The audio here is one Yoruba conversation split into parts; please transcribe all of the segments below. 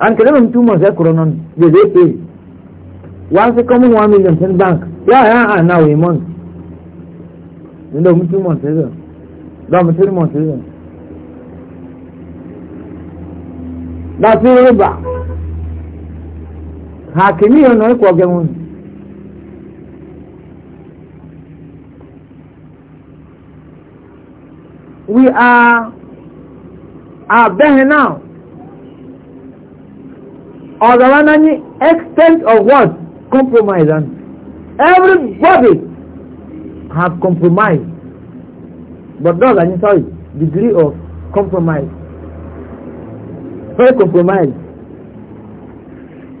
and kele mi two months ẹ kúrò náà they dey pay wá sí common one million ten bank yà á hàn náà wẹ̀ month nílò mi two months ẹ zọ lọ́mọ three months ẹ zọ. láti rúbà hàkìní ọ̀nà ẹ̀kọ́ gẹ̀wọ̀n. we are are there now ọ̀rọ̀ ní extent of what compromise and everybody have compromised but those are sorry degree of compromise where compromise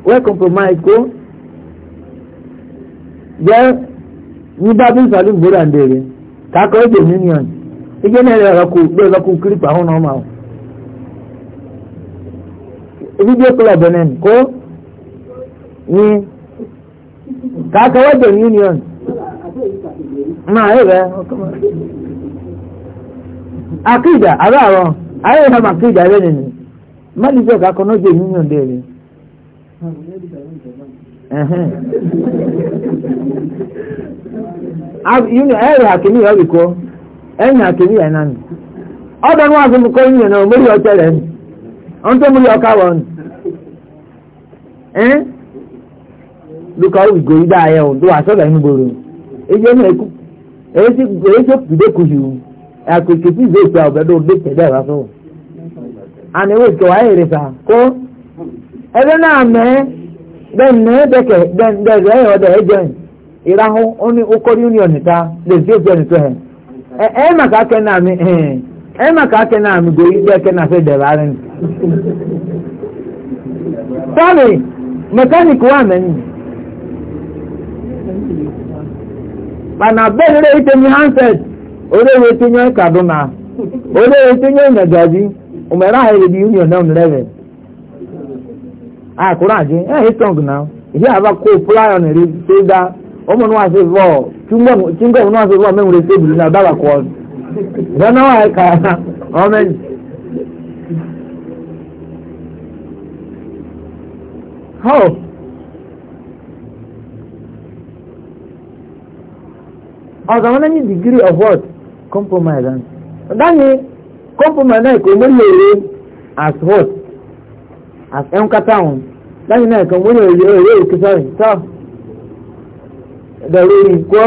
where compromise go jẹ́ ní bábí ìsàlù ìgbóra ń dèrè kákọ́ èdè union ìgbéni ẹ̀rọ kò gbé ẹ̀rọ kò kírípà ọ̀hún ọmọ àwọn. video club nan ko ni kaka wajen union ma yi eh, rẹ eh, oh, akida ara àwọn ayé ha ma akida rẹ eh, nìyí mọ́lìjọ́ kakọ náà jẹ́ union dé rí ẹ̀rẹ̀ àkìní ọ̀rìkọ́ ẹ̀yìn àkìní ẹ̀ náà ni ọ̀dọ̀ wọn àti mú kọ́ union náà mọ́lì ọ̀tẹ̀ rẹ̀ nìyí. ọ̀n tó múlẹ̀ ọ̀ká wọn ẹ́n lukọ̀ ìgò ìdá ayẹ ò tó àṣọ́gà inú gbòòrò ẹjẹ́ náà ẹkú tí ọ̀bẹ dé tẹ̀lé ẹ̀rọ fún ìwé rẹ̀ kó náà mẹ́ bẹ́ẹ̀ bẹ́ẹ̀ ẹ̀jẹ̀ ó kọ́ ní ema ka ake na amigo ije ake na fe debare ni sani mekanik wa meni mana bẹrẹ ite mi handset orewe tinye kaduna orewe tinye magaji umere ahịrị di union down eleven akụrụ ajị ehe strong na ihe aba ko flyer na eri seda ụmụ nwa asị vọọ chingom nwa asị vọọ menwere tebụl na daba kwọdụ lọ́nà wà ẹ̀ka ọmọ ẹ̀yìn. how ọ̀sán wọn ní degree of what compromise and dani compromise náà kò wọ́n lè as what as ẹnkata wọn dani náà kò wọ́n lè èrè òkè sọ́rọ̀ sọ́ dọ̀rọ̀ ìkọ́.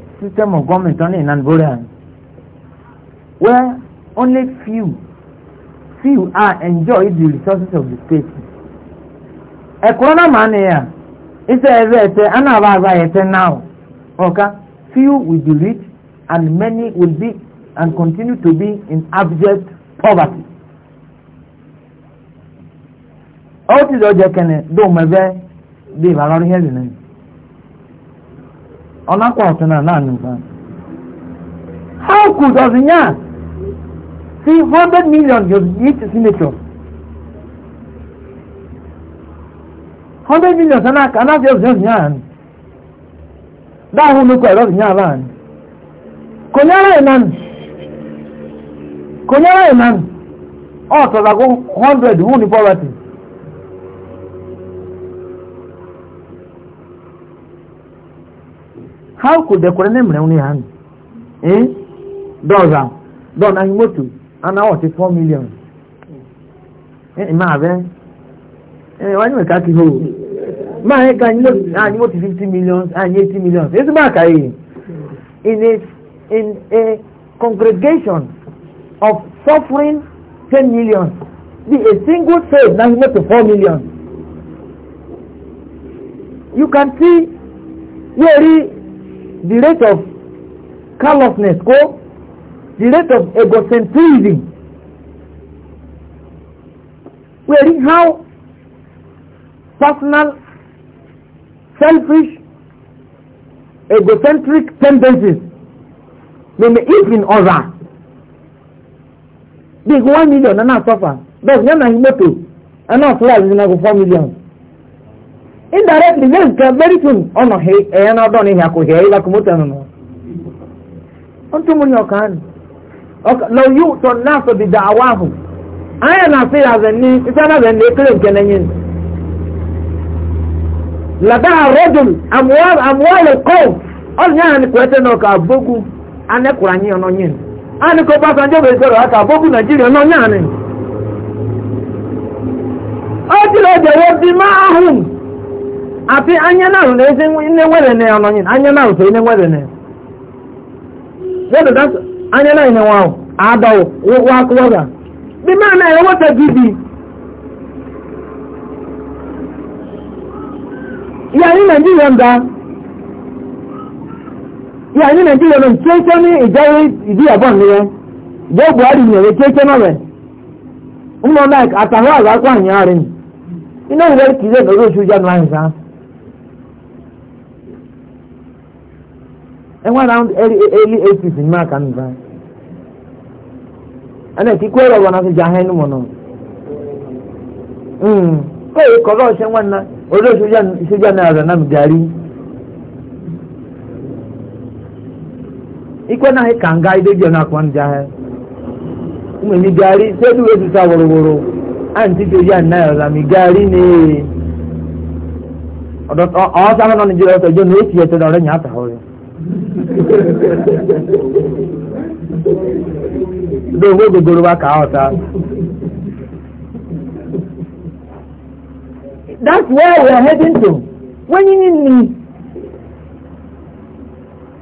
system of government only in Nàìjíríà where only few few are enjoy the resources of the state ẹ̀kọ́ náà máa ní yà iṣẹ́ ẹ̀rọ ẹ̀tẹ́ anáàbá àgbà ẹ̀tẹ́ náà ọ̀ka few will be rich and many will be and continue to be in abject poverty. ó ti dọ̀jẹ̀ kẹ́nẹ̀ dóun mẹ́fẹ́ bí ìbálòrán yẹn lè ọlápọ̀ ọ̀tún náà how could ọ̀sìnyàn sí hundred million yóò yí signature hundred million sanna kanáfi ọ̀sìn ọ̀sìnyàn dáhùn lóko ẹ̀rọ ọ̀sìnyàn láàánú kò ní ara ìnáni kò ní ara hundred wù poverty. how could the Quran name reuni hand? Eh? Does am. Don and motu. And now is four million? Eh, ma ave. Eh? eh, why eh, you kaki ho? Ma e kan lo and what fifty 50 million and 80 million. Is ma kai. Eh? In a in a congregation of suffering ten million. Be a single faith now you to 4 million. You can see, you the rate of callousness kó the rate of egocentrism wherein how personal selfish egocentric tendencies may be if in others big one million na na suffer but when na himoto i no fly with na go four million. indirectly very very soon ọnọ he ẹyẹ náà dọ̀ ní ìhà kò hẹ́ ìlà kò mọ́tò ẹnu nù. tún mú ní ọ̀kan ni lọ yóò tọ́ náà sọ bí dàwa ayé na ní náà ní ekele lada yàrá ni náà kà anyi ọ̀nà kò pàṣẹ ọjọ́ bẹ̀rẹ̀ sọ̀rọ̀ àti nàìjíríà ọ̀nà máa hùn. ati anya na na ezi nne nwere na ọnọ anya na ụtọ ine nwere na wọ́n dọ̀dọ̀ anya na ine wọn àádọ́wò wọ́n akọwọ́dà bí mẹ́rin náà ẹ̀rọ wọ́tẹ̀ bíbí ìyá Naijiria mba ń da ìyá ní nàìjíríà ń kéèké ní ìjẹ́rí ìdíyàbọ̀ nìyẹn ìjọ buhari ní ẹ̀rẹ́ ẹwọ́n round early eighties ní máa kàn bá na kí kúrò ọ̀rọ̀ náà ti nọ hẹ́nu mọ̀ náà kó èyí kọ́ lọ́ọ̀ ṣe wọn náà orí ìṣèjà náà rẹ̀ náà ka darí ikú náà yẹ kànga ìdéjọ náà kọ́ ní jà hẹ́ mo ní darí sẹ́dúró ti sá wòrowòro nọ na ya ndị onwe gogoroba ka aghọta that's where we are heading to when you need me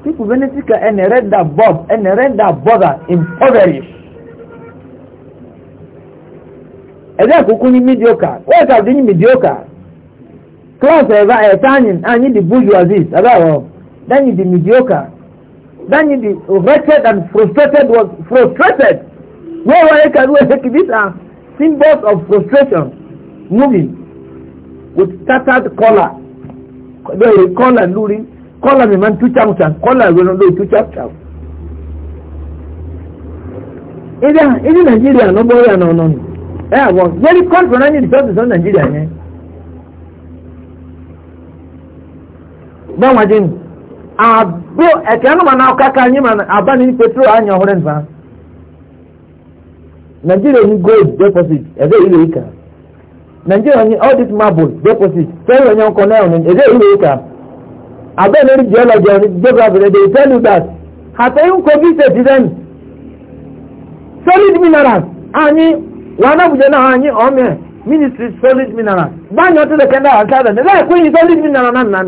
people benefit and render bob and render bother impoverished ẹ̀dá àkókò ní mediocre wọ́n ẹ̀ka mediocre ní mediocre class ẹ̀ka ẹ̀ka anyin anyin the bourgeoisie àbáwọ̀. then you be mediocre then you be wretched and frustrated was frustrated where were you can wake these are uh, symbols of frustration moving with tattered color lórí kọ́là lórí kọ́là mi máa ń tú and kọ́là ìrònú lórí tú chàmùchàm. ilé ilé nàìjíríà ló bọ́ yà náà nọ́nù ẹ àwọ̀ very contrary náà ní ìdíjọ́sìn sọ nàìjíríà yẹn. báwọn ajé nù. abụ ekene mana aka ka anyị mana aba na petrol anya ọhụrụ nva Nigeria ni gold deposit eze ile ika Nigeria ni all this marble deposit tell onye nkọ na onye eze ile ika abụ na geology and geography they tell you that hata yin ko bi se dizen solid minerals anyị wana buje na anyị ome ministry solid minerals banyo to kenda asada na ekwe solid mineral nan nan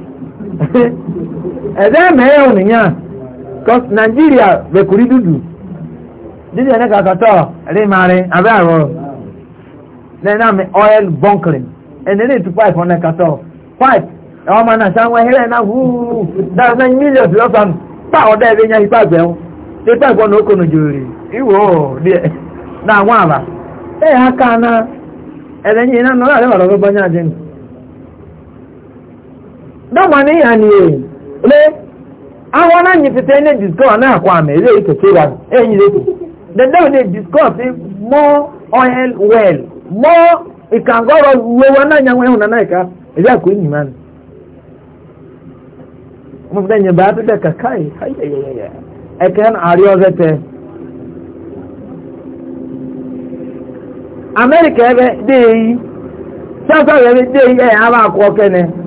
ẹ̀dẹ́ mẹ́rin ònìyàn cos nigeria bẹ̀kùrí dúdú dídí ẹ̀nẹ́ kàkàtọ̀ rí máa rí abẹ́ àrọ̀ oil bunkering ẹ̀nẹ́ lè tu pipe ọ̀nà pipe ẹ̀wọ̀n máa nàṣà wọn ẹ̀hẹ́rẹ́ náà wúúú that's nine million lọ́sàn pa ọ̀dọ́ ẹ̀dẹ́ yẹn ipa gbẹ̀wọ̀n ṣé pipe ọ̀nà okòó nìjọ rè ìwò díẹ̀ náà wọ́n àbá ẹ̀ ha náà nọ́ọ́ dama ne ya ni eyi le awọn na akọ ama ele ekeke ra eyi le the day they more oil well more ikangoro e wewa na anyanwụ na naika e ebe akụ enyi ma nụ mo fẹ́ yẹn báyà tó kàkà yìí ẹ̀kẹ́ àárí ọ̀sẹ̀ tẹ̀. amẹ́ríkà dé yìí dé yìí ẹ̀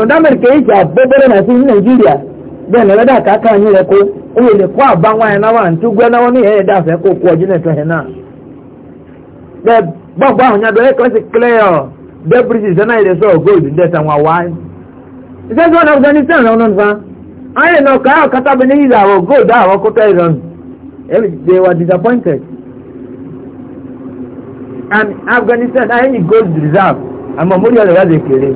ọ̀dàmẹ̀rì kèé ìjà bẹ́bẹ́rẹ́ náà sí nàìjíríà bẹ́ẹ̀ lọ́rẹ́ dà káká yín rẹ̀ kó lè kó àbá ẹ̀ náà wà túgbẹ́ náà ní ẹ̀yẹ dà kó kú ọjọ́ náà tọ̀hẹ̀ náà. bẹ́ẹ̀ àwọn yàtọ̀ ẹ̀ kọ́sì clear debris sẹ́nà ìdẹ sọ̀rọ̀ gold ń dẹ̀sẹ̀ wọn wá. ṣé sọ́wọ́n náà náà nọ́nù fan ní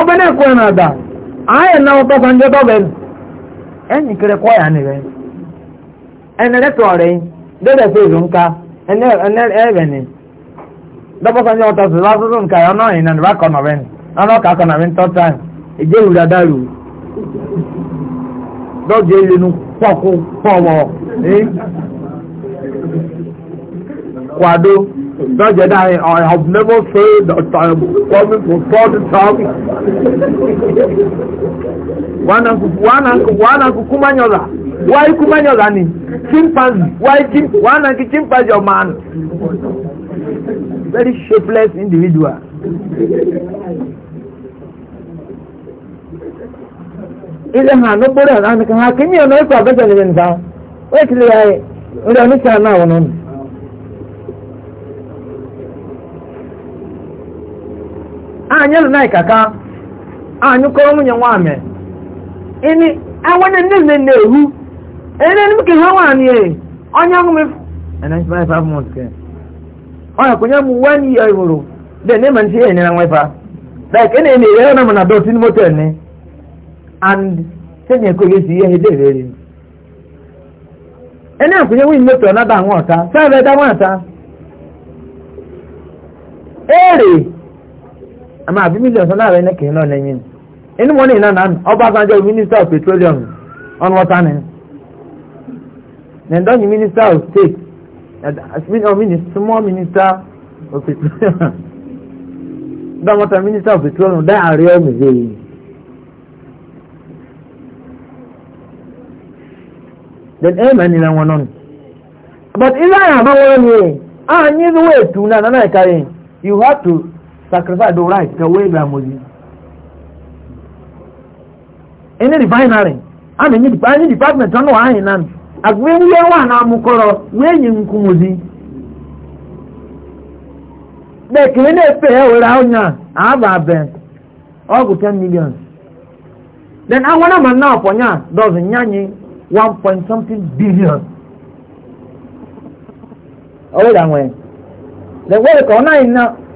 ọbẹ̀nẹ̀ kọ́ ẹ̀nà àdá ààyè náà wọ́n tọ́sán jẹ́ tọ́bẹ̀ẹ́lì ẹ̀yìn kọ́ ya nìyẹn ẹ̀nẹ̀rẹ̀ tọ̀rẹ̀ dẹ́dẹ̀ fẹ́ ìlú nka ni ìlú dàdàrú lọ́jọ́ ìlú pọ̀kú kwado Such that I, I have never said that I am coming for third time. Wana wana wana kukumanyola. Why kumanyola ni? Chimpanzee. Why chim wana ki chimpanzee man? Very shapeless individual. Ile ha no bore ha ni ka ha kimi ona ifa beta ni nda. Wekile ya. Ule onisa na wonono. anyelo na ikaka anyu ko munye nwame ini nne nne ene e onya ngume and nne five five months ke oya kunya mu one year ihoro de ne man ya ene na nwefa like ene ene na mana dot ni motel and and ko ene na da nwota sa ere àmọ́ àbí mílíọ̀n sọ láàrin ẹnẹ́kì náà lẹ́yìn inú mọ́nì náà náà ọbásanjọ́ minister of petroleum on water ni nìdọ́nyìn minister of state small minister of petroleum water minister of petroleum dá àárẹ̀ ọ̀mìzẹ́ yìí. then amen ni wọn nọ but ilé àyàmọ́ wọn ni àyìn ìlú ètù náà nánà ìkàrí you have to sacrifice the right ka wee gba mozi any refinery ana enyi anyị department ọnụ anyị na agwa nwa na amụkọrọ wee yi nkwu mozi bekee na pay ya were ọnya aba all ọgụ 10 million then awara ma na now dozen nyanye 1 point something billion ọ were anwe then were ka ọ naghị na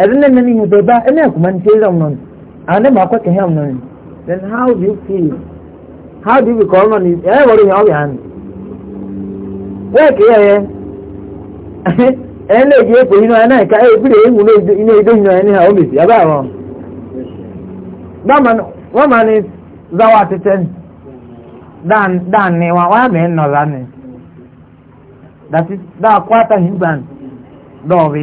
ẹ̀rí náà nínú ìhùn bẹ̀rẹ̀ bá ẹni ẹ̀kùnmá ní ṣe é ràn nọ́ni àwọn ẹ̀mọ̀ akọ́kẹ́ hẹ́m nọ́ni then how do you feel how do you be call nọ́ni ẹ̀ wọ́n rí hàn ọ̀bì hàn wọ́ọ̀kì yẹ yẹ ẹ̀ ẹ̀ lẹ́ẹ̀dì èpò yìí náà ẹ̀ka ẹ̀ ìpìlẹ̀ ìhù iná ìdó yìí náà ẹni hàn ọ̀bì sí abẹ́ àwọn. wọ́n máa ní zawa tẹ́tẹ́ dáàni wa wọ́n á mẹ́rin nọ̀ lánì dàtí dáa kwátà yìí dọ̀ọ̀bì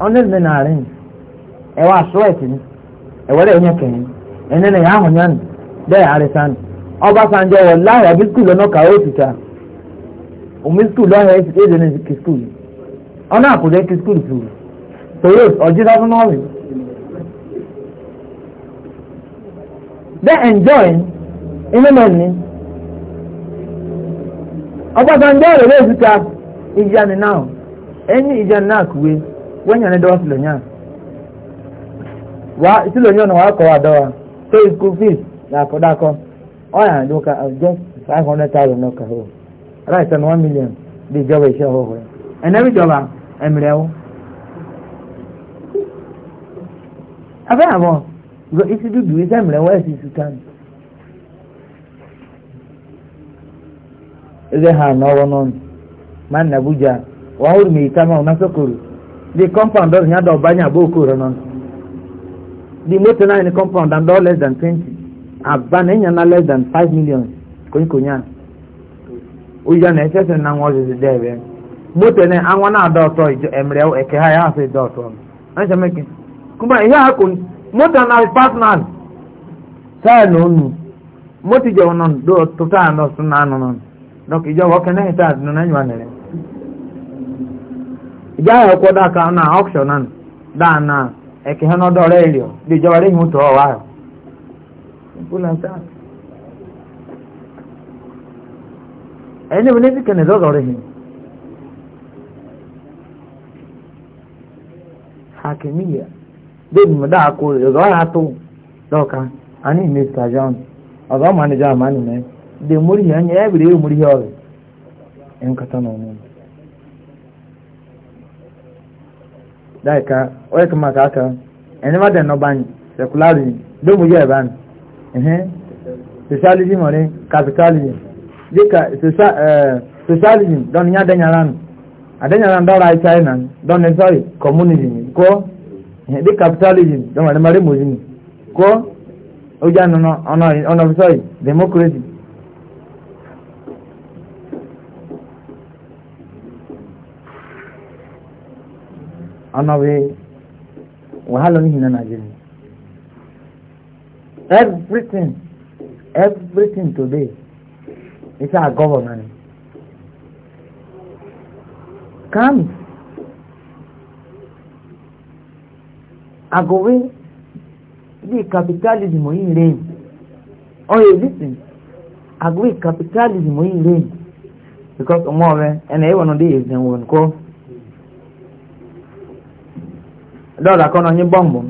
ewe ìdílé náà rìn ẹ̀wọ̀ àṣọ́ẹ̀tì ni ẹ̀wọ̀lẹ̀ ẹ̀yẹ kẹ̀yìn ẹ̀nà ẹ̀yà ahùnyán bẹ́ẹ̀ àrísàn ọbásanjọ́ wọ̀ láàrẹ̀ bí ka lọ́nà kàwé òtútà omi skul lọ́hẹ̀ èdè ní kì skul ọ̀nà àkùdẹ́ kì skul fún mi tòyó ọ̀jísá fún n'ọrụ rìn bẹ́ẹ̀ ẹ̀njọ́ìn inú ọrụ enyi wẹ́nyàn ní dọ́wọ́ sílẹ̀ yàn wá sílẹ̀ yàn wà kọ́ àdọ́wà tó school fees dàkọ́dàkọ́ ọ̀yà àdókà just five hundred thousand náà kàwé uh, oh. right and one million di ìjọba iṣẹ́ ọ̀hún rẹ̀ ẹ̀nẹ́bí ìjọba ẹ̀mìrẹ̀ ẹ̀wọ̀. abẹ́ àbọ̀ isi dúdú iṣẹ́ ẹ̀mìrẹ̀ ẹ̀wọ̀ ẹ̀sìn sultan. ilé ha nọrọ nọ mà nàbújá wàhùn mi ìtàmà ọ̀nà sọ́kòrò. the compound doesn't have banya boku ranon the motor na in compound and all less than 20 abana nya na less than 5 million ko ko na o ya na ese na nwa ze de be motor na anwa na do to ijo emre o eke ha ya se do to an se meke kuma ya ha motor na partner sa no nu motor nọ wonon do to nọ no sunanu non donc ijo wo kenan ta no na nyu ìjáyà ọkọ̀ dáka náà auction náà dáadáa ẹ̀kẹ́ hàn ọdọ rẹ̀ ìrìn bí ìjọba lẹ́yìn òtò ọ̀wá rẹ̀ ẹni bí lẹ́sìn kẹ́nẹ̀ lọ́rọ̀ rẹ̀ yìí hakimiya bẹ́ẹ̀ mọ̀ dáa kó rẹ̀ ọ̀rọ̀ ara tó lọ́ka a ní mr john ọ̀rọ̀ manager mani mẹ́ dè múrí yẹn ẹ̀bìrì èrò múrí yẹn ọ̀rẹ́ ẹ̀ ń kàtà náà daika oye kuma ka aka ene ma den no ban seculari do mu ye ban eh socialism ore dika social eh socialism don ya den yaran aden yaran do china don ne sorry communism ko eh di capitalism don ma mare mo ni ko o ja no no ono democracy ọ̀nà bí wàhálà ní nigeria jẹ́ni everything everything today is our government come agowe di capitalism oyin reign oye listen agowe capitalism oyin reign because ọmọ rẹ ẹnna ẹwọn ọdẹ yẹn wọn kọ. dọ́ọ̀dà kọ́nà yín bọ́m̀bù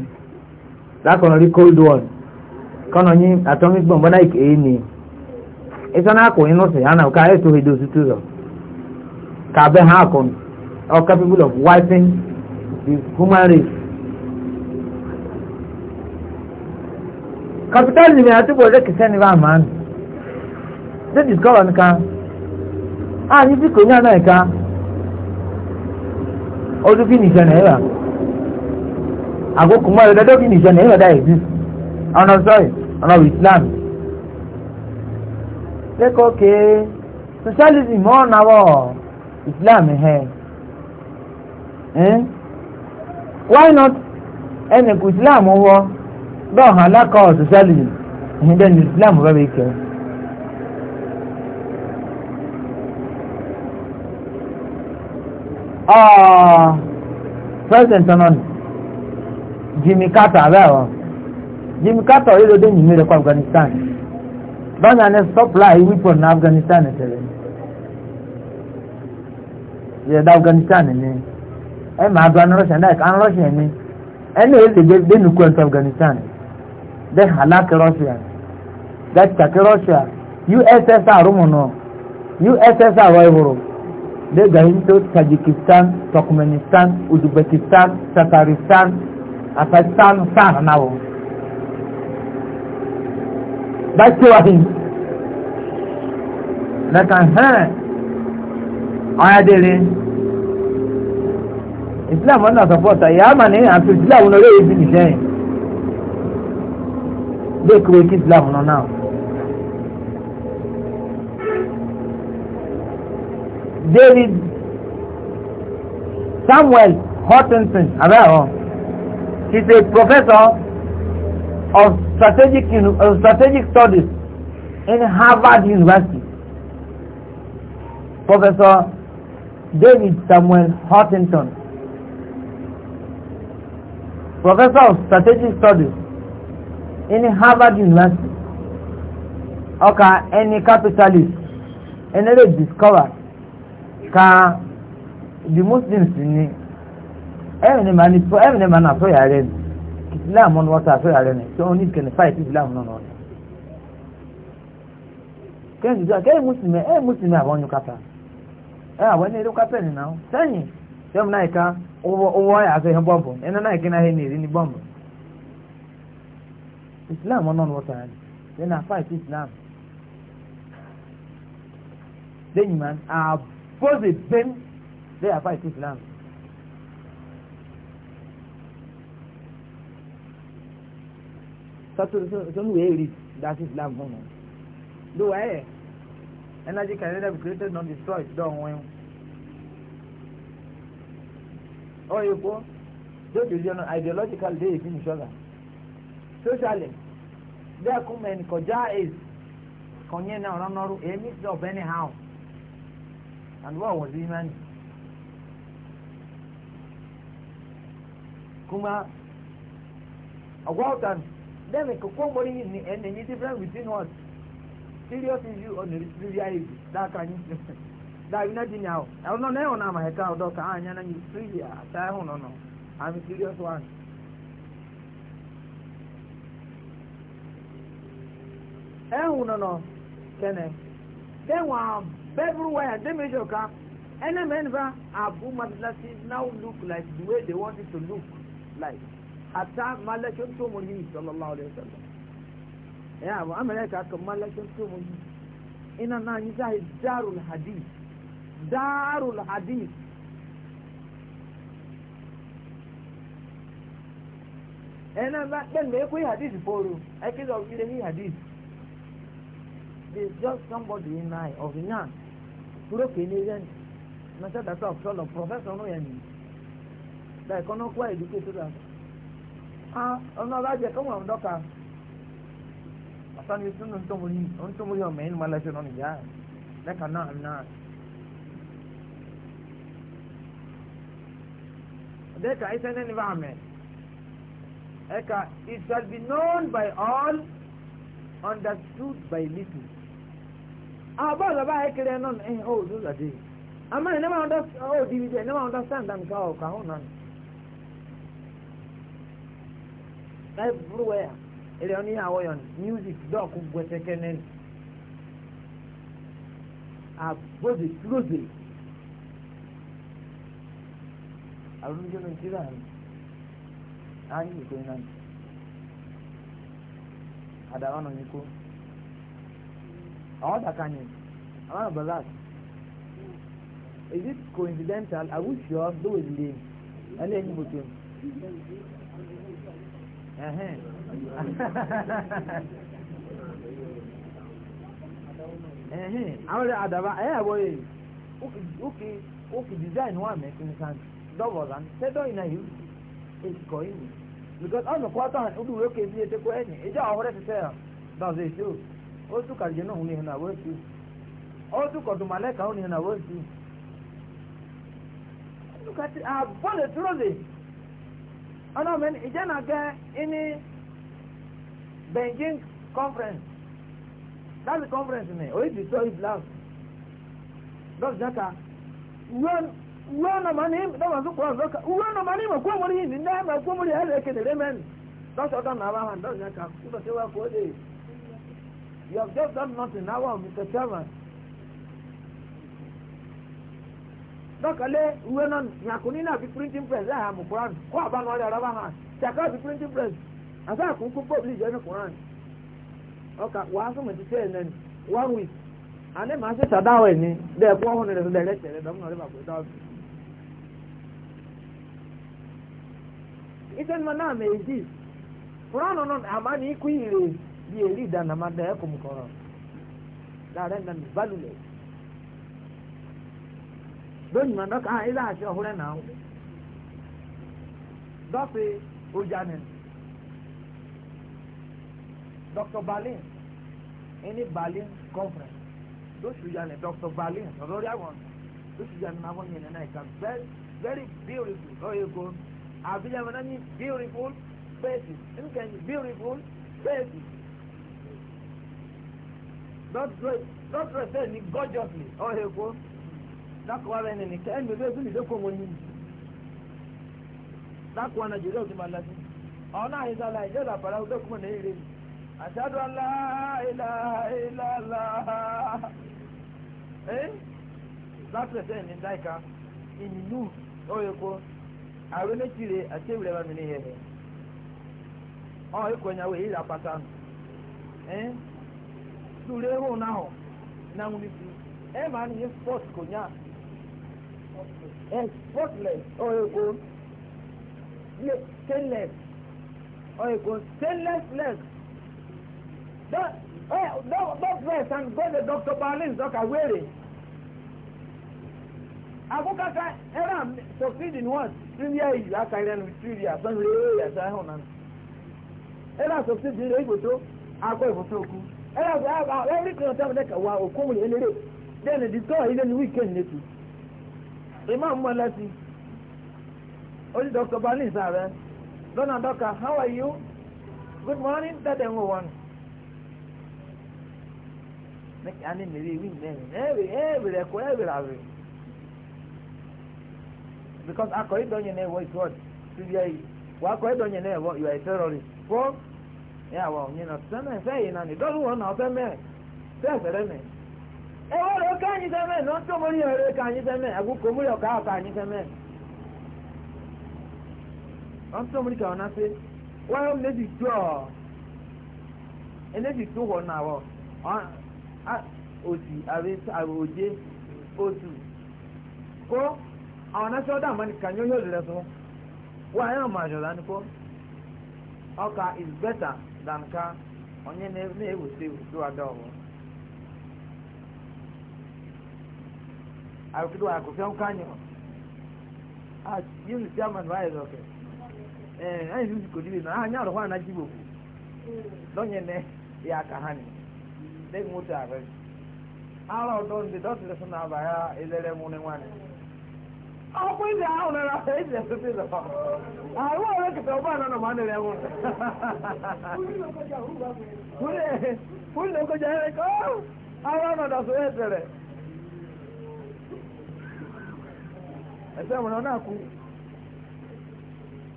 lákọ̀nà rí cold war kọ́nà yín atomic bomb bọ́dá ìkè é ní ìsọ́nà àkọ́ inú sí na ká ètò èdè òtútù rọ̀ kàbẹ́ ha kọ́ ọ capable of wiping the human race. capital yẹn àti bòdè kìsẹ́ ní bá discover nìkan àyè ní àná ìka ọdún kí nìkan àkókò mọ́ ẹ̀rọ dọ́kì nìṣẹ́ ní ìrọ̀dá ìbí ọ̀nà sọ́ọ̀rì ọ̀nà islam. lẹ́kọ̀ọ́ ke socialism ọ̀ náwọ̀ islam hẹ́ why not ẹnì kù islam wọ bẹ́ẹ̀ hàn lákọ̀ socialism ẹ̀hìn dẹ́nu islam bẹ́ẹ̀ bẹ́ẹ̀ kẹ́ President Anani. Jimmy Carter abẹ́ ọ̀ Jimmy Carter yóò lóde yìí mìíràn kọ́ Afghanistan lọ́nà ní supply weapon ní Afghanistan tẹ̀lé yẹ̀dá Afghanistan ni ẹ̀ máa do an Russian dáìkì an Russian ni ẹni èyí lè dé nìkú ẹ̀ tó Afghanistan dé halak Russia dé Russia USSR rúmùnù USSR wọ́n ìhòrò dé gàyìn tó Tajikistan Turkmenistan Uzbekistan Tataristan afẹ́sánù sáà náà wò bá tí wà hìn lẹ́kàn hẹ́n ọ̀yàdèrè islam ọ̀nà sọ̀pọ̀tà ìyá mà ní àti islam ọ̀nà orí ìbí nìṣẹ́ yìí léèkúrò kí islam ọ̀nà náà. david samuel hutchinson abẹ́ àwọn. He's a professor of strategic, uh, strategic studies in Harvard University. Professor David Samuel Huntington. Professor of Strategic Studies in Harvard University. Ọkà ẹni capitalist ẹni lè discover ka the Muslims ni ẹ̀mí ni màá ní sọ ẹ̀mí ni màá nà sọ́yà rẹ̀ ni islam ọ̀nà wọ́n sọ àsọ́yà rẹ̀ ni tí wọ́n ní kẹ́ni fáìtì islam náà nọ. kẹ́hìn sọ kẹ́hìn mùsùlùmí ẹ̀ mùsùlùmí àwọn ọ̀nyọ́ kata ẹ̀ àwọn ẹni ẹ̀rọ kata ẹ̀ nìyàwó sẹ́yìn sẹ́mu náà ká owó ayé àṣẹ yẹn bọ́m̀bù ẹ̀nà náà kí náà yẹn nìyẹn ní bọ́m̀bù. islam ọ̀nà wọ́n sọ then I fight islam then man I oppose them then I fight islam. sọ́nù wèé rí that's islam fún wọn. ló wà ẹ̀ energy can neither be created nor destroyed dán wọn. ọ̀ yẹ kó those religion ideological dey finish other socially their comment kọjá is kọnyẹ náà rọnọrú a mix up anyhow and what was imani kuma ọgwọtan. Then we could come body in what? Serious issue on the issue. That of you that you not now. Oh. I don't know my account oh, doctor. I know you free. I don't know. I'm a serious one. ẹhùn nọnọ kẹnẹ dẹ wọn everywhere wáyà dẹ méjì ọka ẹnẹ mẹnìfà àbúmọdúnlá sí now look like the way they want it to look like. hatta mallakin to sallallahu alaihi wasallam ya abu amerika kan mallakin to ina na yi zahi darul hadith darul hadith hadith hadith just somebody in my of yan na professor Ah, ọ̀nà alájẹ kọ́mọ̀ àwọn dọ́kà ọ̀sán ni sunu ntomori ntomori ọ̀mẹ́ ẹni máa lẹ́sẹ̀ lọ́nà ìyá lẹ́ka náà náà. Dẹ́ka ìsẹ́ni ní báàmẹ̀ ẹ̀ka it shall be known by all understood by little. Àbọ̀ ọ̀dọ̀bá ẹ̀kẹ́rẹ́ náà ẹ̀ ọ́ òdúrà dé. Àmọ́ ẹ̀ ní wọ́n understand ẹ̀ ní wọ́n understand àǹkà ọ̀kà ọ̀hún oh, náà. Everywhere, everywhere ele oni awo yon music do ku gwete kenen a bozi close arun jo no tira ani ni ko nan ada ono ni ko awa da kanyi awa balas is it coincidental i wish you all those names and then you àwọn ọ̀rẹ́ àdàbà ẹ̀ àwọ̀ yìí ókè ókè design wà mẹ́kún sáà dọ́bọ̀ rán tẹ́dọ̀ ìnà yìí èyí kọ̀ yìí because ọ̀nà kwátà ọdún ìwé òkè sí ètò kọ́ ẹ̀yìn ìjà ọ̀rẹ́ ti sẹ́yà dàzẹ̀ èso ó tún kàrìjẹ́ náà òun ìhìnà wọ́n sí ó tún kọ̀dùn màlẹ́kà òun ìhìnà wọ́n sí. àbọ̀lẹ̀ ah, túrọ̀lẹ̀ ọ̀nà mẹ́ni ìjẹ́nàgẹ́ ní beijing conference that's the conference ni oye di story blast dọ́kì jáka wúwo ọ̀nàmọ́ ní dọ́kì tó kúrọ̀ dọ́kì wúwo ọ̀nàmọ́ ní ìmọ̀kú ọmọdé yìí ní ẹ̀mọ̀ ẹ̀kú ọmọdé ẹ̀rọ èkéde lẹ́mẹ́ni dọ́kì ọ̀dọ́ nà bá hàn dọ́kì jáka kúrò tí wọ́n kó lè you have just done nothing now mr chairman dọ́kọ̀lé ìwé náà yàkùn nínú àfi printing press ẹ̀ hàmù quran kó àbánu ọ̀rẹ́ ọ̀rọ̀ bá hàn ṣàkó àfi printing press àti àkùnkùn pọ́ọ̀bù ìjọ ní quran ọkà wàá sọ̀mọ̀ ti fẹ́ẹ̀ nẹ́ni one week àní màá ṣe ṣàdáwọ̀ ẹ̀ ní bẹ́ẹ̀ kú ọ̀hún rẹ̀ lẹ́rẹ́ tẹ̀lé dọ́mú ọ̀rẹ́ bàbá ìdá ọ̀sùn. iṣẹ́ nímọ̀ náà méjì quran náà àmà ní ikú ìrè bíi èrí ìdáná má dẹ́ ẹ̀kọ́ mu lónìí wọn dọ́kà hàn ah, ilé àṣẹ ọ̀húnrẹ́ náà dọ́pẹ́ ojanẹ dr berlin ẹni berlin conference lóṣù yanẹ dr berlin lórí àwọn lóṣù yanẹ náà wọ́n yẹn nínú ẹ̀ka very very beautiful lọ́yẹ̀ go àbílẹ̀ wọn náà ní beautiful faces nǹkan ní beautiful faces dọ́tírẹ̀ dọ́tírẹ̀ sẹ́yìn ní gorgeously ọ̀hẹ́ go. dákọ̀wá rẹ̀ nìyí kẹ́ ẹ̀mí bẹ́ẹ̀ fúnni dẹ́kọ̀ wọn yìí ha. nàìjíríà òtún máa lásì ọ̀nà àyíṣàlá ìjọba àbàrà ọdọ́kùnmọ̀ náà rè àṣàdọ̀ aláìláìláìlá ẹ́ látọ̀ẹ̀sẹ̀ ní dáìka ìnìlú ọ̀yẹ̀kọ́ àrùn méjìlè àti ewìrẹ́ bá mi ní yẹ̀hẹ̀ ọ̀ ẹ̀kọ́ ìyàwó èyí là pátá ẹ́ sùúrẹ́ hùn náà náà ń bí ẹ̀ máa ní sport kò nyá. yes spotless or you go stainless or you go stainless less don don don first and go the doctor balin sọka wéèrè akókaka ẹran succeed in one three years yìí akari ẹnu three years ọ̀nà rẹ̀ yẹ̀ sẹ́ ẹ̀hún náà ẹran succeed in ìgbòtó akọ ìbòtó òkú ẹran succeed in everything ọ̀tá mi dẹ́ka wa òkú mi lè lérè then the store is in weekend native. imam malati only dr banis na rẹ lọ́nà dọ́kà how are you good morning dẹ́dẹ̀ ń wò wọn. mẹ́kì á ní mèrè ìwé mẹ́rin ẹ̀rì ẹ̀rì ẹ̀kọ́ because akọ ìdọ́nyẹ̀ náà ẹ̀wọ̀ ìtọ́ síbíà yìí wọ́n akọ ìdọ́nyẹ̀ náà ẹ̀wọ̀ you are a terrorist fún ẹ̀ àwọn òyìnbó sẹ́mẹ̀ fẹ́ yìí náà ní dọ́lù wọn náà fẹ́ mẹ́rin fẹ́ fẹ́rẹ́ ewere oke anyị feme na ntụ omori ghere oke anyị feme agwụ ọka ahụ ka anyị ka ọ na-asị wọ́n yóò méjì tó ọ̀ eléjì tó wọ̀ náà wọ̀ òsì àwòjé oṣù kó àwọn aṣọ ọdọ àmọ́ nìkan yóò wọ́n kó ọkà is better than àrùkídò àkùfẹ́ ń kányọ̀ yìí ní chairman báyìí lọ́kẹ̀ ẹ̀ ẹ̀yìn ní kò níbi náà àyàn àrùkọ́ àná jìbò kù lọ́nyẹ̀ nẹ́ yà kà hàn ní lẹ́yìn mọ́tò àrẹ ara ọ̀dọ́ ndé dọ́tí lẹ́sọ̀ náà bàyà ahụ ọrụ ka ẹsẹ wọn náà kú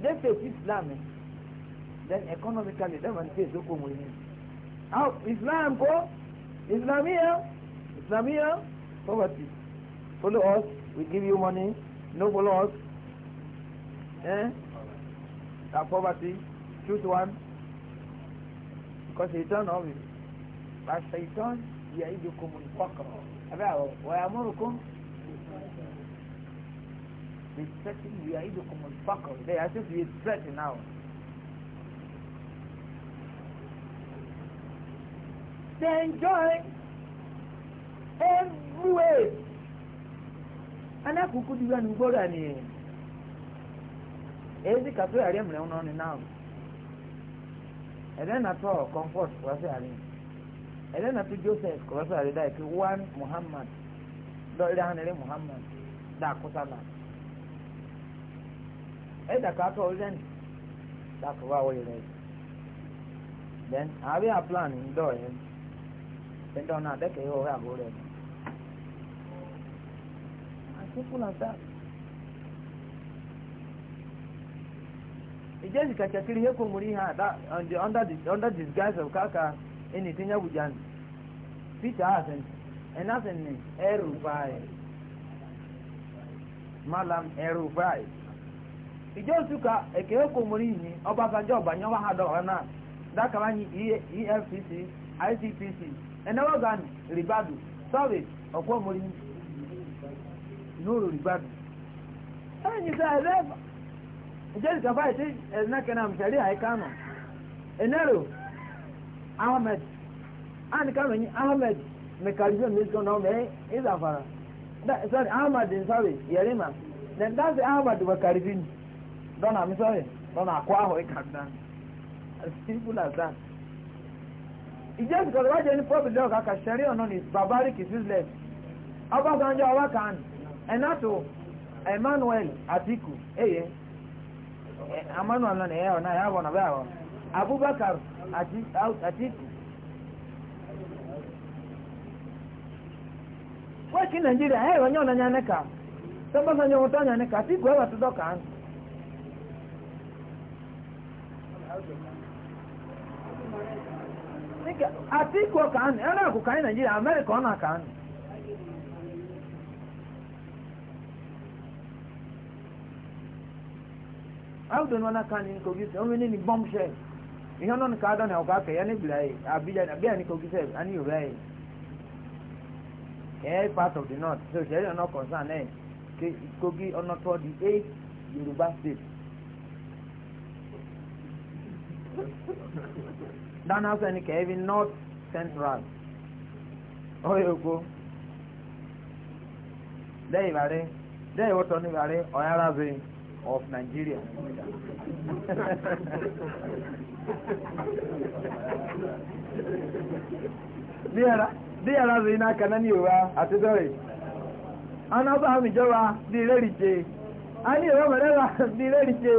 they face islam eh? then economically them and face oko mu ni how islam ko islamia islamia poverty follow us we give you money no follow us eh na poverty choose one because shaitan always na shaitan yaidukum al-faqr abaa wa yamurukum they threaten We are either common fucker they are just we threaten now they enjoy every way anakuku di wani gbọdọ ni ezi kafe ariya mìíràn náà ni náà ẹ̀rẹ́ nà tọ́ comfort kọ́ sí àárín ẹ̀rẹ́ nà tọ́ joseph kọ́ sí àárín dáìkì one muhammad lọ́ọ́ ìdáhànẹ́rẹ́ muhammad dáa kó sábà either ka atọ ọrụ ẹni that's why we rẹ then àbí a plan ndọ yẹn ndọ náà dẹkẹ yóò rẹ àgọ rẹ as simple as that ìjẹ́ ìkàkẹ́kiri yẹ kó mú rí ha uh, that under the under disguise of kaka ẹni tí ń yẹ wùjá ni peter asin ẹnasin ni ẹrù báyìí malam ẹrù báyìí. ije otu ka ekere komori ihe ọbasanjọ ọbanye ọba ha dọrọ na dakara efcc e icpc enewogan ribadu sọrị ọkwọmori n'ụlọ ribadu enyi sa ebe ijeri kafa ite ezinake na msari haikano enero ahmed and kano yi ahmed mekarizm n'ezikọ na ọmọ ịzafara sorry ahmed nsọrị yerima then that's ahmed mekarizm don't I'm sorry don't acquire it can done as simple as that it just because why any problem dog aka shari or none is barbaric is useless Obasanjo Awakan Enato Emmanuel Atiku eye e, Emmanuel na eye ona ya bona bawo Abubakar Atiku Kwa ki Nigeria, hey, wanyo na nyaneka. Sasa nyo mtanya neka, Atiku e wewe tudoka anzi. Atiku ọ ka anị, ara akụ ka anyị Naịjirịa, Amerịka ọ na-aka anị. Awụdọ nọ n'aka anyị n'ikogi sị, ome nini bọm shel. Ihe ọnụ ka adọ na ọka aka ya n'ebila anyị, abịa abịa n'ikogi sị, anyị yọrọ anyị. Ee part of the north, so ṣe ẹ yọ n'ọkọ nsọ anị, Kogi ọ̀nọ́tọ̀ the eight Yoruba state dan hausa ni kẹbi north central oyoko dẹ ìbàrẹ dẹ ìwọtọ ní ìbàrẹ ọyárazi of nigeria bí ẹ̀razi iná kaná ní ìwà àti sọ́rẹ̀ anábà àmìjọba bí lẹ́rìíje a ní ìwọ́ mẹ́rẹ́wà bí lẹ́rìíje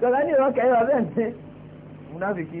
sọ̀rọ̀ ní ìwọ́ kẹ́yọ̀ bẹ́ẹ̀ ní múnáfìkì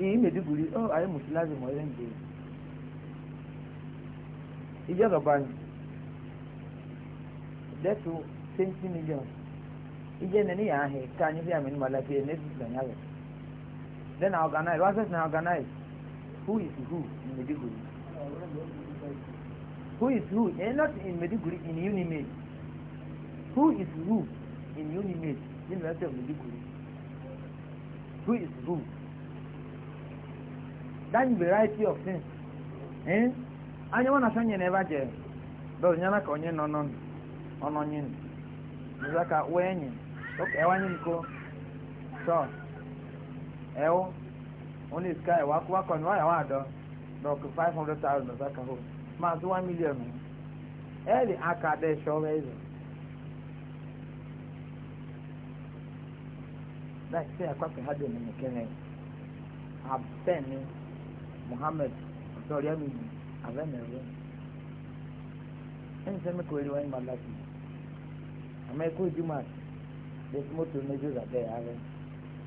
Iyi Maiduguri ọ anyị mụsị lazị ma onye njem. Ije Rọban detu 20 million. Ije nene ya ahị ka anyị bịa mịnụ malaka ya n'efu sịrị anyarị. Then I organize, Rasmus na organize who is who in Maiduguri. Who is who? Eh, not in Maiduguri, in unimed, Who is who in Unimate, University of Maiduguri? Who is who? that variety of things eh anya wana shanye na ebaje do ka onye nọ no ono nyin zaka wenye ok ewanyi nko so ewo only sky wako wako ni waya wado do 500000 zaka ho ma 1 million eli akade showe hizo that's say dị hadi muhammed ọtọọrọ ya mi abẹnẹrẹ ẹni sẹ mi kò rí wọn máa láti àmọ ẹkọ ìdúmọ àti mọtò méjì ràdẹ ààrẹ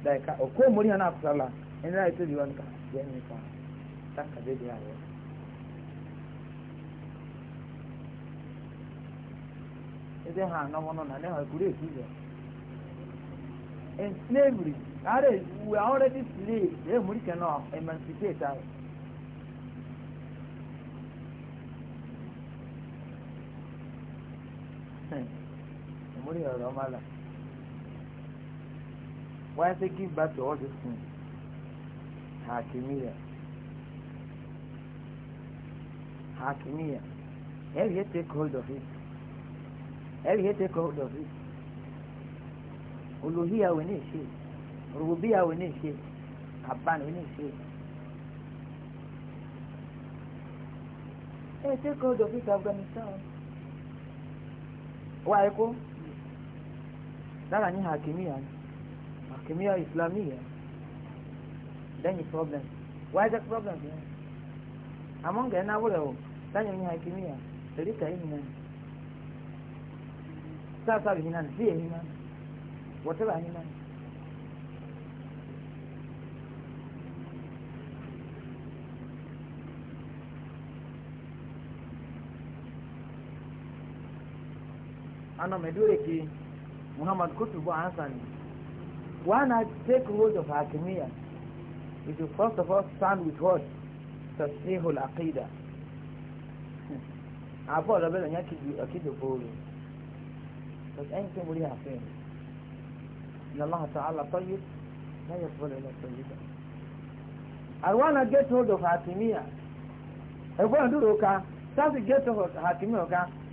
dàìka òkú òmòrí hàn àpùsàlà ẹni láì tóbi wọn kà jẹ ẹni kà táǹkà dédé ààrẹ. ẹdẹ hàn àná wọn náà nàní àwọn ẹkùrẹ èkú yẹ we are already slaves ẹ mú ìkẹ náà emancipate ààrẹ. múrí ọ̀rọ̀ mọ́lá wáyé sí kí bá tọ̀wọ́ ti sùn hakimiya hakimiya every year take hold of it every year take hold of it olùhíyà ní ìṣe rúbíyà ní ìṣe àbáni ní ìṣe. Hey, take hold of it Afghanistan. Why, Echo? lára ní hakimiya ni hakimiya then lẹ́yìn problem why the problem Among àmọ́ ń gẹ̀ẹ́ náà wúlẹ̀ o lẹ́yìn ní hakimiya èríkà yìí nìyẹn sáàsà yìí nìyẹn sí èyí nìyẹn Whatever yìí nìyẹn. Ano me dure Muhammad Kutubu Hassan. Why not take hold of Hakimiyya? We should first of all stand with what? Tasrihul Aqidah. Àbọ̀ ọ̀rọ̀ bẹ́ẹ̀ keep the bóòlù. But anything we have In Allah الله تعالى طيب لا يقبل إلا طيبا. I wanna get hold of Hakimiyya. to do ká, start to get hold of Hakimiyya ká.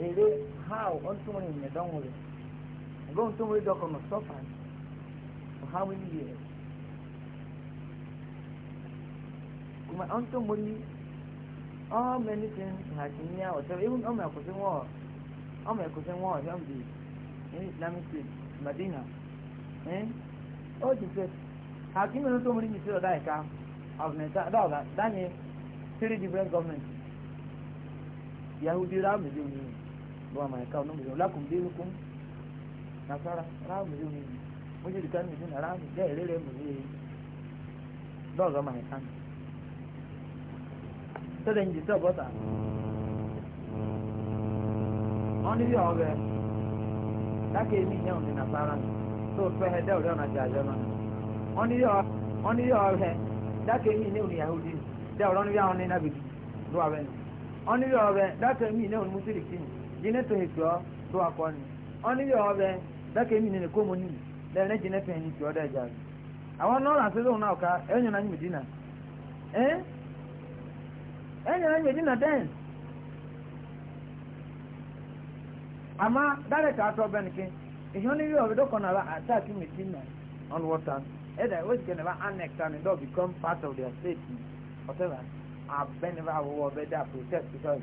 ere how ontumori ne don wuri go ontumori do kono suffer for how many years kuma ontumori all many things has in here whatever even on my cousin war on my cousin war on the in Islamic state Medina eh oh Jesus hakimu ontumori ni sero dai ka of Neta da da Daniel three different governments Yahudi ram is in wa ma ka no mi la kum di kum na sara ra mi yo ni mo je dikan mi ra de ni do ga ma kan to den ji to bota oni yo be ta ke mi nyaun ni na sara to pe he de o na ja je ma yo yo ke mi ni de o ron ya na bi do yo ke mi ni jine to hekyo to akoni oni yo be da ke mi ne ko ni da ne jine ni kyo da ja awon no na se na ka enyo na dina eh enyo na dina den ama dare ka to ben ke ehyo ni yo do kona ba ata ki mi dina on water can annex and become part of their state whatever I've been never aware of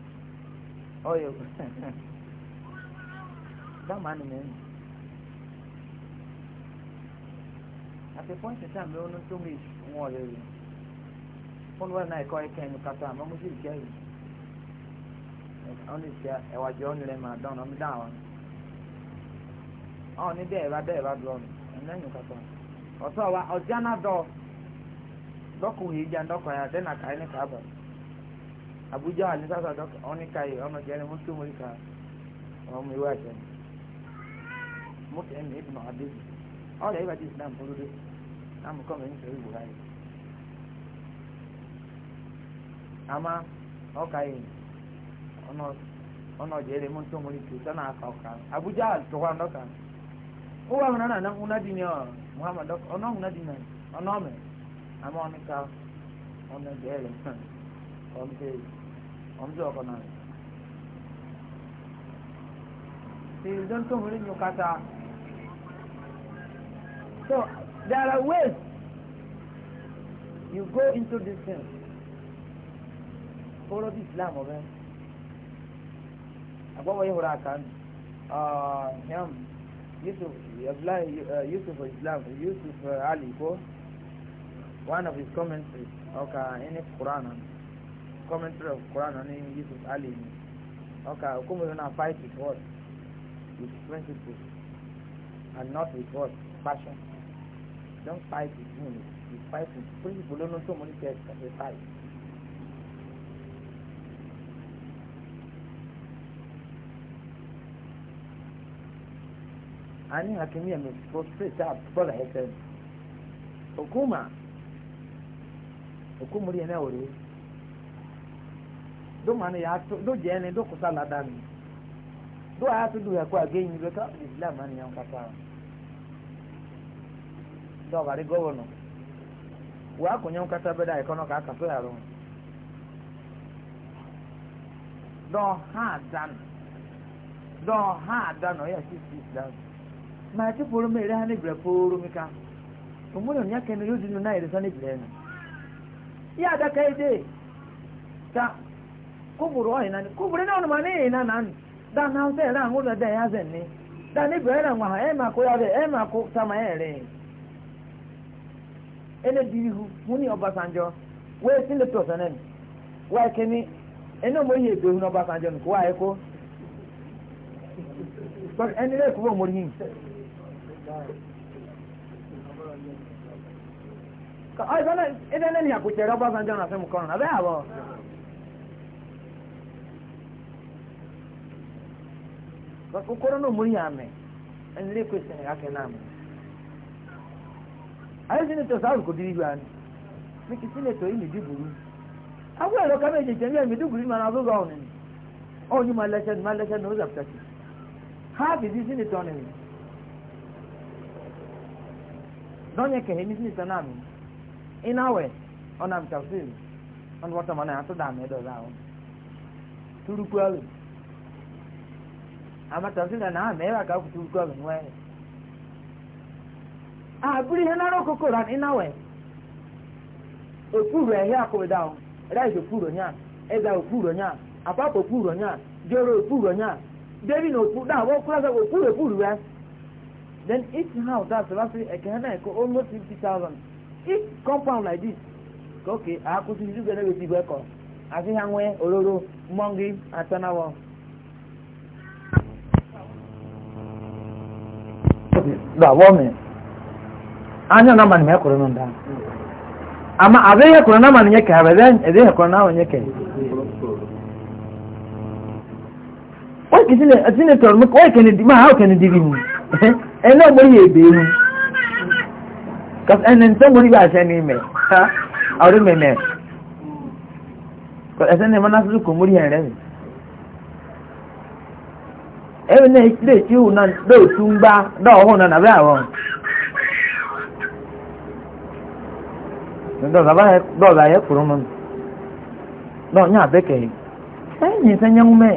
Oyo. Dama ah, ni men. At the point in time, we don't know much One way I call it came to Qatar, my music came. Only say, I was the only man down, I'm down. Oh, ni there, right there, right there. And then you Qatar. Ọ̀sọ́ wa ọ̀já náà dọ̀ dọ́kùn yìí jẹ́ abuja wà ní sáfà dọ́kà ọ́nìkà yìí ọmọ jẹ́rìí mọ́tò mọ́ríkà ọmọ ìwé àṣẹ mọ́tò ẹ̀mí ìbùnà àdébù ọ̀rẹ́ ìbàdí islam tó lóde láàmú kọ́ mi ní sọ̀rọ̀ ìbùrà yìí. àmà ọkà yìí ọ̀nà jẹ́rìí mọ́tò mọ́ríkà sọ́nà àkà ọ̀kà abuja tó wà dọ́kà ó wà hùnà náà hùnà dì ní muhammad ọ̀nà hùnà dì ní ọ̀nà ọ̀mẹ̀ àmà ọ̀nìkà ọ̀nà jẹ́rìí ọ̀nà jẹ́rìí. ọmọdé you don't come really your Qatar. So there are ways you go into this thing. Follow the Islam of them. Abawa yi hurakan uh, him Yusuf Abdullah uh, Yusuf Islam Yusuf uh, Ali ko one of his commentaries okay in his Quran commentary of Quran on him Yusuf Ali okay Okumu is gonna fight with what with principles, and not with what passion don't fight with him you fight with principle don't know so many things can be fight ani hakimiyya mai prostrate up bọ́lá ẹsẹ̀ hukuma hukumuri yana wuri do mani ya to do jeni do kusala dami do ya to do ya kwa genyi be ka islam mani ya nkapa do bari gowono wa kunya nkata beda ikono ka aka to ya ro do ha dan do ha dan o ya si islam ma ti poro me re ha ni bre poro mi ka omuno nya kenu yudi no na ire sa ni bre ni ya da kaide ta kufuru ohi nani kufuru na onuma ni ina nani da na ose ra ngu da da ya zen ni da ni bere na ha e ma ko ya de e ma ko sama ere ene dihu muni obasanjo we sin de to sanen wa kemi ene mo ye behu na obasanjo ni ko wa e ko but ene le ko mo ri ka ai bana ene ni akutere obasanjo na se mu kono na be abo yeah. kokoro no muri ame enle kwese ne yake nami ayo sini to sawu ko diri gwan mi imi diburu awu ero ka meje je mi diburu ma na zo zo oni oni ma lese ma lese no ha bi di sini ni donye ke he mi sini to nami inawe ona mtafsiri on mana ato da me do lao turukwalu ama tafsiri na ma ka kutu kwa benwe a ah, buri he naro kokora ni nawe okuru ehe akoda o rice okuru nya eza okuru nya apapo okuru nya joro okuru nya debi no okuru da wo kura go we then kana ko almost 50000 compound like this okay ju ti go ko hanwe ororo mongi atanawo do abome anya na mani mekoro no nda ama abe ye koro na mani nyeke abe then ede ye koro na onyeke wọ́n kì í sílẹ̀ ẹ̀sìnlẹ̀ tọ̀rọ̀ mú wọ́n kẹ́ni dì máa kẹ́ni dì rìn ẹ̀ náà mọ́rí èbè mu ẹni tó mọ́rí bá aṣẹ́ ní mẹ́ ọ̀rẹ́ mẹ́mẹ́ ẹ̀sẹ̀ ní ẹ̀mọ́ náà sọ́dún kò ebe na echi ihu na otu mgba da ọhụụ na nabịa ahụ dọza ya kwuru nụ na onye abekeghi enyi nse nye mume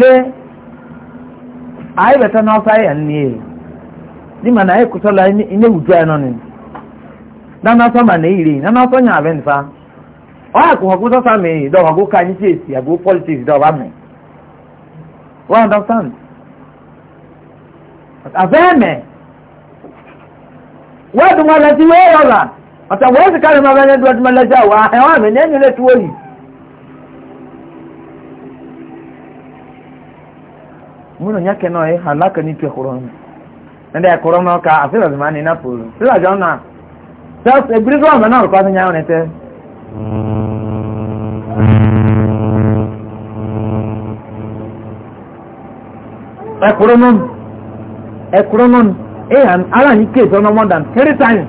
lee anyị bata n'ọsọ ya nne dị na anyị kwụsọla ine wuju anyị nọnụ na n'ọsọ ma na iri na n'ọsọ nya abịa nfa ọ ya kwụhọ kwụsọ sa mee dọwa gụ ka anyị si esi agụ politiks dọwa mee wọ́n understand àfẹ́ẹ̀mẹ̀ wọ́n tún wọn lọ sí wọ́n rọ̀rà ọ̀tọ̀ wọ́n sì kárí máa bẹ́ẹ̀ lọ́dún mọ́lẹ́sẹ̀ wà ẹ̀wọ̀n àmì ní ẹ̀yìn ilé tí wọ́n yìí. mun nya ke no e halaka ni pe qur'an nda ya qur'an no ka afira zamani na pulu sila jona sasa ebrizo amana ko nya onete mm ẹ̀kúrọ́ nọ́n ẹ̀kúrọ́ nọ́n kéèsì ọ̀nà three times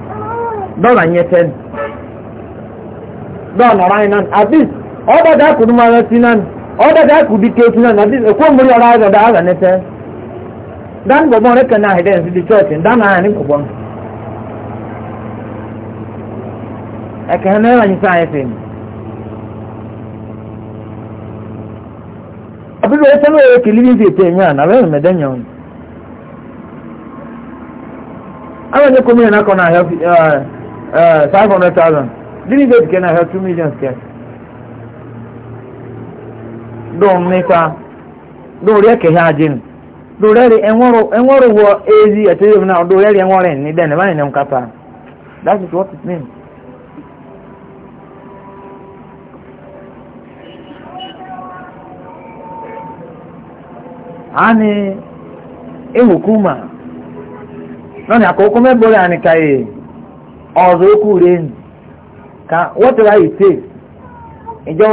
dọ́là yẹn ten dọ́là ara yẹn nan àbí ọ̀dọ̀ dà kùdú máa rẹ̀ sí nan ọ̀dọ̀ dà kùdú kéèsì nan àbí ẹ̀kú òmùrí ọ̀rọ̀ ayọ̀ dà ara yẹn ten dan gbọ̀gbọ́n rẹ̀ kẹ́ni àhìdẹ́ ẹ̀sìn di church dan ara yẹn gbọ̀gbọ́n ẹ̀kẹ́ abịrị ete na oye kili vivi ete enye a na wee mede nya ọnụ abanye na akọ na ahịa five hundred thousand dini na ahịa two million ke dọọ mmekpa dọọ rie kehie ajin dọọ rie enworo enworo wọ ezi ete na dọọ rie enworo ni den ebe anyị na nkata that is what it means. ani ehukuma nani akoko ani ọzọ okwu ka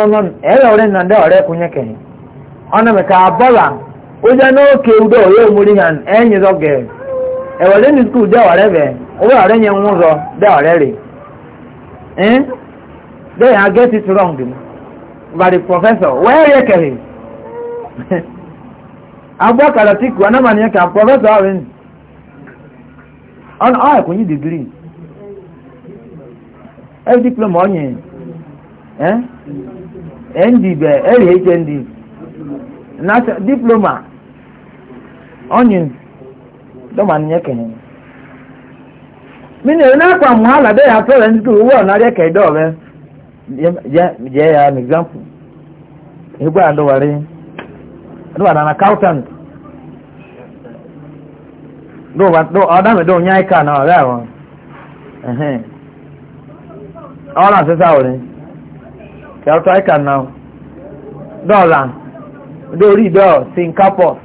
nọ ẹ̀rọ ọ̀rẹ́ nà ndẹ́ ọ̀rẹ́ kúnyẹ́ kẹ̀yìn ọ̀nà mẹ́ka abọ́là ó jẹ́ náà ókè udó ọ̀rẹ́ òmùrí hàn ẹ̀yìn zọ́gẹ̀ ẹ̀wọ̀lẹ́ ní skul dẹ́ ọ̀rẹ́ bẹ̀ owó ọ̀rẹ́ yẹn ń rọ dẹ́ ọ̀rẹ́ rè ẹ́n get it wrong agbakara tiku anamani yake prọfesọ ahụ ni ọ na-akwụnye digrii ebe diploma onye eh nd be eri hnd na diploma onye dọmani yake mini eri n'akwa muhala dị ya pere ndị tụrụ ụgbọ narị ka ịdọ ọbụ jee ya an egzampụ egwu adọwarị do an accountant do do ọdọ mi do nyai ka na ọrẹ wọn ọrọ náà sísá wọlé kẹwàtọ ẹka náà dọọlà dórí dọọ singapore.